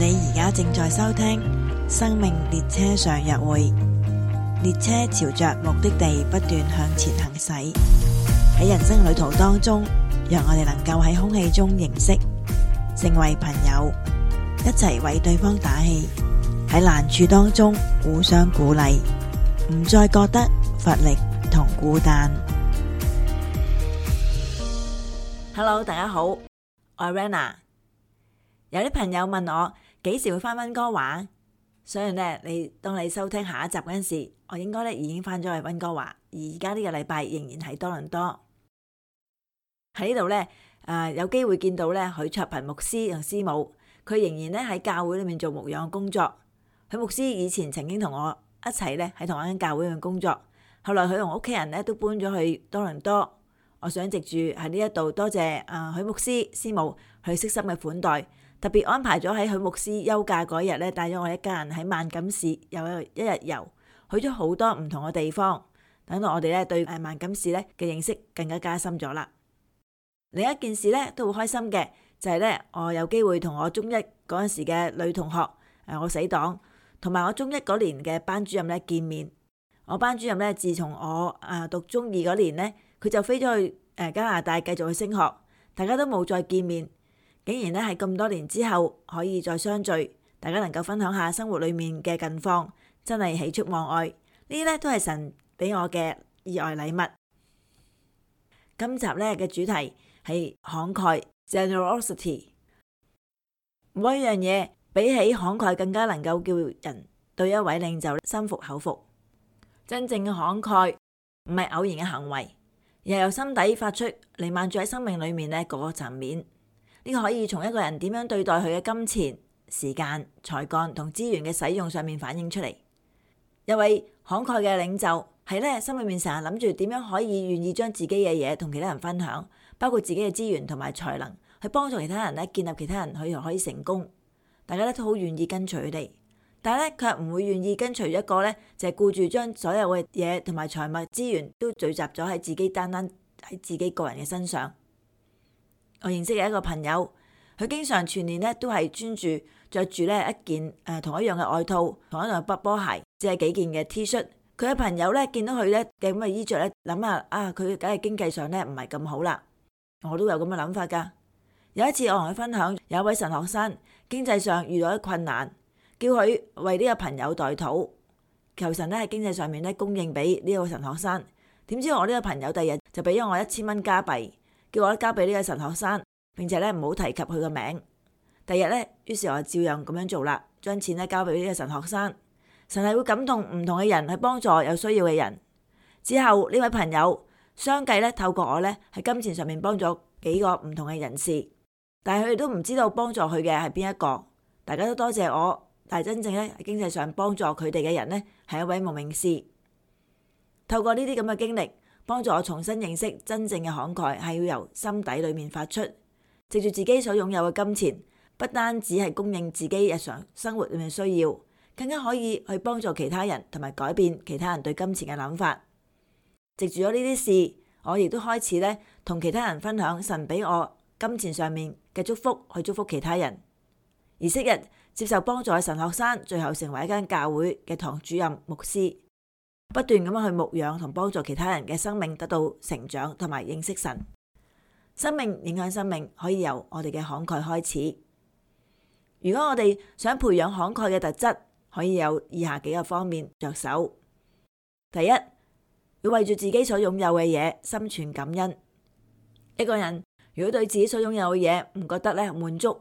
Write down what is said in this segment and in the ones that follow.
你而家正在收聽生命列車上約會，列車朝着目的地不斷向前行駛。喺人生旅途當中，讓我哋能夠喺空氣中認識，成為朋友，一齊為對方打氣。喺難處當中互相鼓勵，唔再覺得乏力同孤單。Hello，大家好，我係 Rana。有啲朋友問我，幾時會翻溫哥華，所以咧，你當你收聽下一集嗰陣時，我應該咧已經翻咗去溫哥華。而而家呢個禮拜仍然喺多倫多喺呢度咧。誒，有機會見到咧許卓憑牧師同師母，佢仍然咧喺教會裏面做牧養工作。許牧師以前曾經同我一齊咧喺同一間教會裏面工作，後來佢同屋企人咧都搬咗去多倫多。我想藉住喺呢一度多謝誒許牧師師母佢悉心嘅款待。特別安排咗喺許牧師休假嗰日咧，帶咗我一家人喺萬錦市又一日遊，去咗好多唔同嘅地方。等到我哋咧對誒萬錦市咧嘅認識更加加深咗啦。另一件事咧都好開心嘅，就係咧我有機會同我中一嗰陣時嘅女同學誒，我死黨同埋我中一嗰年嘅班主任咧見面。我班主任咧自從我誒讀中二嗰年咧，佢就飛咗去誒加拿大繼續去升學，大家都冇再見面。竟然咧，係咁多年之後可以再相聚，大家能夠分享下生活裏面嘅近況，真係喜出望外。呢啲咧都係神俾我嘅意外禮物。今集咧嘅主題係慷慨 （generosity）。冇一樣嘢比起慷慨更加能夠叫人對一位領袖心服口服。真正嘅慷慨唔係偶然嘅行為，又由心底發出，彌漫住喺生命裏面呢各個層面。呢、這個可以從一個人點樣對待佢嘅金錢、時間、才幹同資源嘅使用上面反映出嚟。一位慷慨嘅領袖係咧，心裏面成日諗住點樣可以願意將自己嘅嘢同其他人分享，包括自己嘅資源同埋才能去幫助其他人咧，建立其他人佢又可以成功。大家咧都好願意跟隨佢哋，但係咧佢又唔會願意跟隨一個咧就係顧住將所有嘅嘢同埋財物資源都聚集咗喺自己，單單喺自己個人嘅身上。我認識嘅一個朋友，佢經常全年咧都係穿住着住咧一件誒同一樣嘅外套，同一樣嘅波波鞋，即係幾件嘅 T 恤。佢嘅朋友咧見到佢咧嘅咁嘅衣着咧，諗下啊，佢梗係經濟上咧唔係咁好啦。我都有咁嘅諗法㗎。有一次我同佢分享，有一位神學生經濟上遇到一困難，叫佢為呢個朋友代禱，求神咧喺經濟上面咧供應俾呢個神學生。點知我呢個朋友第二日就俾咗我一千蚊加幣。叫我交俾呢個神學生，並且咧唔好提及佢個名。第日咧，於是我就照樣咁樣做啦，將錢咧交俾呢個神學生。神係會感動唔同嘅人去幫助有需要嘅人。之後呢位朋友相繼咧透過我咧喺金錢上面幫助幾個唔同嘅人士，但係佢哋都唔知道幫助佢嘅係邊一個。大家都多謝我，但係真正咧喺經濟上幫助佢哋嘅人咧係一位無名氏。透過呢啲咁嘅經歷。幫助我重新認識真正嘅慷慨係要由心底裏面發出，藉住，自己所擁有嘅金錢，不單只係供應自己日常生活裏面嘅需要，更加可以去幫助其他人同埋改變其他人對金錢嘅諗法。藉住咗呢啲事，我亦都開始呢同其他人分享神俾我金錢上面嘅祝福去祝福其他人。而昔日接受幫助嘅神學生最後成為一間教會嘅堂主任牧師。不斷咁樣去牧養同幫助其他人嘅生命得到成長，同埋認識神。生命影響生命，可以由我哋嘅慷慨開始。如果我哋想培養慷慨嘅特質，可以有以下幾個方面着手。第一，要為住自己所擁有嘅嘢，心存感恩。一個人如果對自己所擁有嘅嘢唔覺得咧滿足，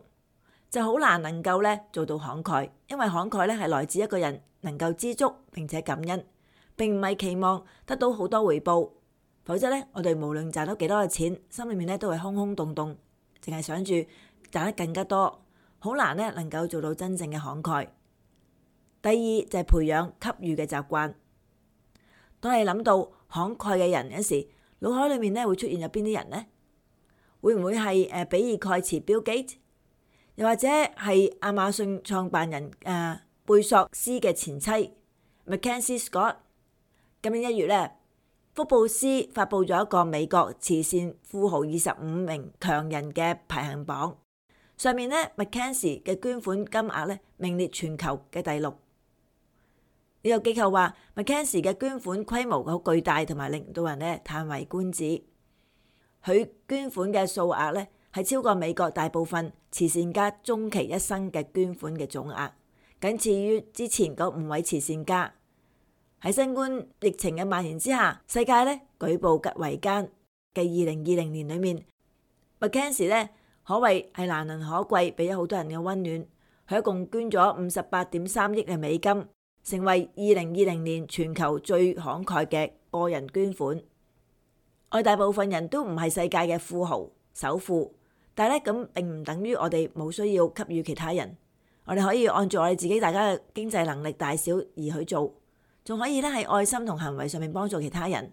就好難能夠咧做到慷慨。因為慷慨咧係來自一個人能夠知足並且感恩。並唔係期望得到好多回報，否則呢，我哋無論賺到幾多嘅錢，心裏面呢都係空空洞洞，淨係想住賺得更加多，好難呢能夠做到真正嘅慷慨。第二就係、是、培養給予嘅習慣。當你諗到慷慨嘅人嗰時，腦海裏面呢會出現有邊啲人呢？會唔會係比爾蓋茨 Bill Gates？又或者係亞馬遜創辦人誒貝、呃、索斯嘅前妻 MacKenzie Scott？今年一月咧，福布斯發布咗一個美國慈善富豪二十五名強人嘅排行榜，上面呢 McKenzie 嘅捐款金額咧名列全球嘅第六。有、這個、機構話 McKenzie 嘅捐款規模好巨大，同埋令到人呢，歎為觀止。佢捐款嘅數額呢，係超過美國大部分慈善家終其一生嘅捐款嘅總額，僅次於之前嗰五位慈善家。喺新冠疫情嘅蔓延之下，世界咧舉步維艱嘅二零二零年裏面，MacKenzie 咧可謂係難能可貴，俾咗好多人嘅溫暖。佢一共捐咗五十八點三億嘅美金，成為二零二零年全球最慷慨嘅個人捐款。我哋大部分人都唔係世界嘅富豪首富，但係咧咁並唔等於我哋冇需要給予其他人。我哋可以按住我哋自己大家嘅經濟能力大小而去做。仲可以咧喺愛心同行為上面幫助其他人。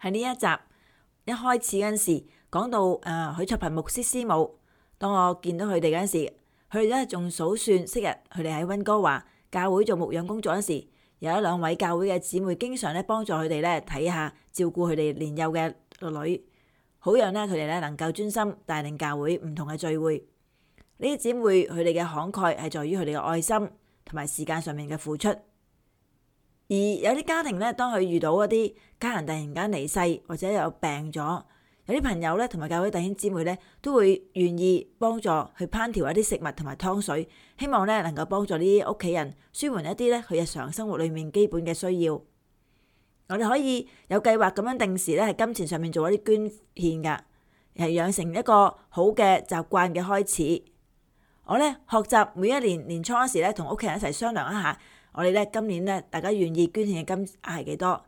喺呢一集一開始嗰陣時候，講到誒許、啊、卓憑牧師師母。當我見到佢哋嗰陣時候，佢哋咧仲數算昔日佢哋喺溫哥華教會做牧養工作嗰時候，有一兩位教會嘅姊妹經常咧幫助佢哋咧睇下照顧佢哋年幼嘅女，好讓咧佢哋咧能夠專心帶領教會唔同嘅聚會。呢啲姊妹佢哋嘅慷慨係在於佢哋嘅愛心同埋時間上面嘅付出。而有啲家庭咧，當佢遇到嗰啲家人突然間離世，或者有病咗，有啲朋友咧，同埋教會弟兄姊妹咧，都會願意幫助去烹調一啲食物同埋湯水，希望咧能夠幫助呢啲屋企人舒緩一啲咧佢日常生活裏面基本嘅需要。我哋可以有計劃咁樣定時咧，喺金錢上面做一啲捐獻㗎，係養成一個好嘅習慣嘅開始。我咧學習每一年年初嗰時咧，同屋企人一齊商量一下。我哋咧今年咧，大家願意捐獻嘅金額係幾多？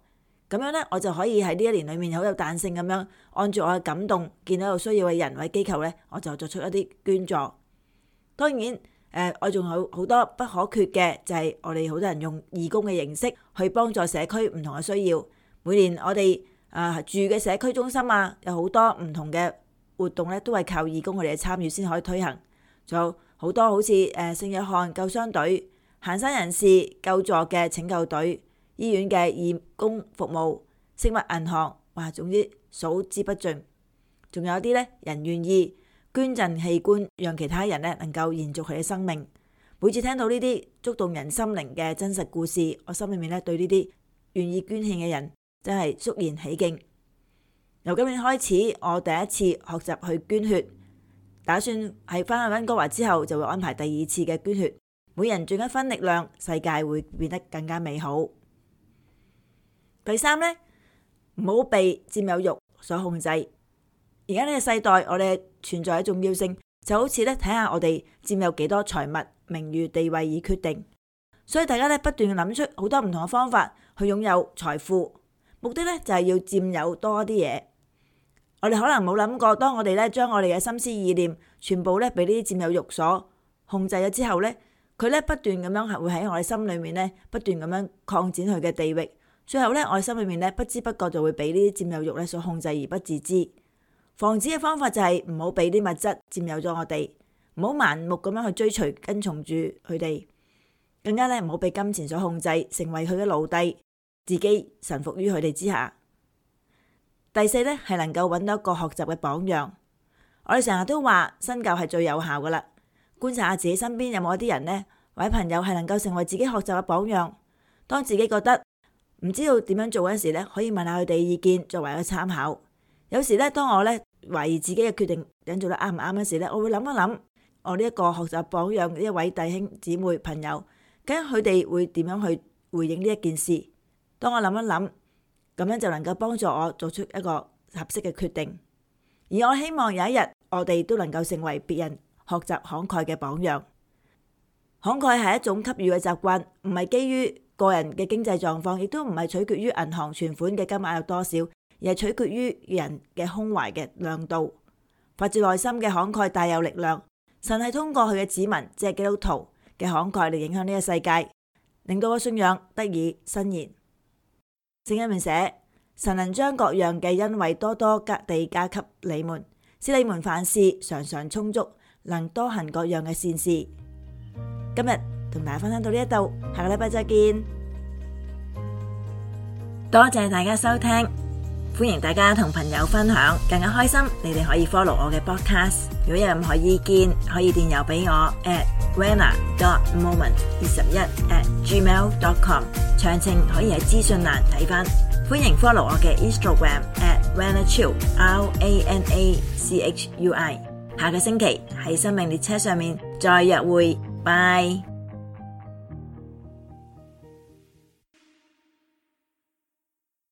咁樣咧，我就可以喺呢一年裡面好有彈性咁樣，按住我嘅感動，見到有需要嘅人或機構咧，我就作出一啲捐助。當然，誒我仲有好多不可缺嘅，就係、是、我哋好多人用義工嘅形式去幫助社區唔同嘅需要。每年我哋啊住嘅社區中心啊，有好多唔同嘅活動咧，都係靠義工我哋嘅參與先可以推行。仲有好多好似誒聖約翰救傷隊。行山人士救助嘅拯救隊、醫院嘅義工服務、食物銀行，哇，總之數之不盡。仲有啲咧人願意捐贈器官，讓其他人咧能夠延續佢嘅生命。每次聽到呢啲觸動人心靈嘅真實故事，我心裡面咧對呢啲願意捐獻嘅人真係肅然起敬。由今年開始，我第一次學習去捐血，打算喺翻去溫哥華之後就會安排第二次嘅捐血。每人盡一分力量，世界會變得更加美好。第三呢，唔好被佔有欲所控制。而家呢個世代，我哋存在嘅重要性就好似咧，睇下我哋佔有幾多財物、名譽、地位以決定。所以大家咧不斷諗出好多唔同嘅方法去擁有財富，目的咧就係要佔有多啲嘢。我哋可能冇諗過，當我哋咧將我哋嘅心思意念全部咧俾呢啲佔有欲所控制咗之後咧。佢咧不斷咁樣係會喺我哋心裏面咧不斷咁樣擴展佢嘅地域，最後咧我哋心裏面咧不知不覺就會俾呢啲佔有慾咧所控制而不自知。防止嘅方法就係唔好俾啲物質佔有咗我哋，唔好盲目咁樣去追隨跟從住佢哋，更加咧唔好俾金錢所控制，成為佢嘅奴隸，自己臣服於佢哋之下。第四咧係能夠揾到一個學習嘅榜樣，我哋成日都話身教係最有效噶啦。觀察下自己身邊有冇一啲人咧，或者朋友係能夠成為自己學習嘅榜樣。當自己覺得唔知道點樣做嗰時咧，可以問下佢哋意見作為一個參考。有時咧，當我咧懷疑自己嘅決定引做得啱唔啱嗰時咧，我會諗一諗我呢一個學習榜樣嘅一位弟兄姊妹朋友，究竟佢哋會點樣去回應呢一件事？當我諗一諗，咁樣就能夠幫助我做出一個合適嘅決定。而我希望有一日，我哋都能夠成為別人。學習慷慨嘅榜樣，慷慨係一種給予嘅習慣，唔係基於個人嘅經濟狀況，亦都唔係取決於銀行存款嘅金額有多少，而係取決於人嘅胸懷嘅亮度。發自內心嘅慷慨大有力量。神係通過佢嘅子民，即係基督徒嘅慷慨嚟影響呢個世界，令到個信仰得以伸延。聖經明寫，神能將各樣嘅恩惠多多地加給你們，使你們凡事常常充足，能多行各樣嘅善事。今日同大家分享到呢一度，下個禮拜再見。多謝大家收聽，歡迎大家同朋友分享，更加開心。你哋可以 follow 我嘅 podcast，如果有任何意見，可以電郵俾我 at rana dot moment 二十一 at gmail dot com，詳情可以喺資訊欄睇翻。歡迎 follow 我嘅 Instagram at ranachui r a n a c h u i。下個星期喺生命列車上面再約會，拜。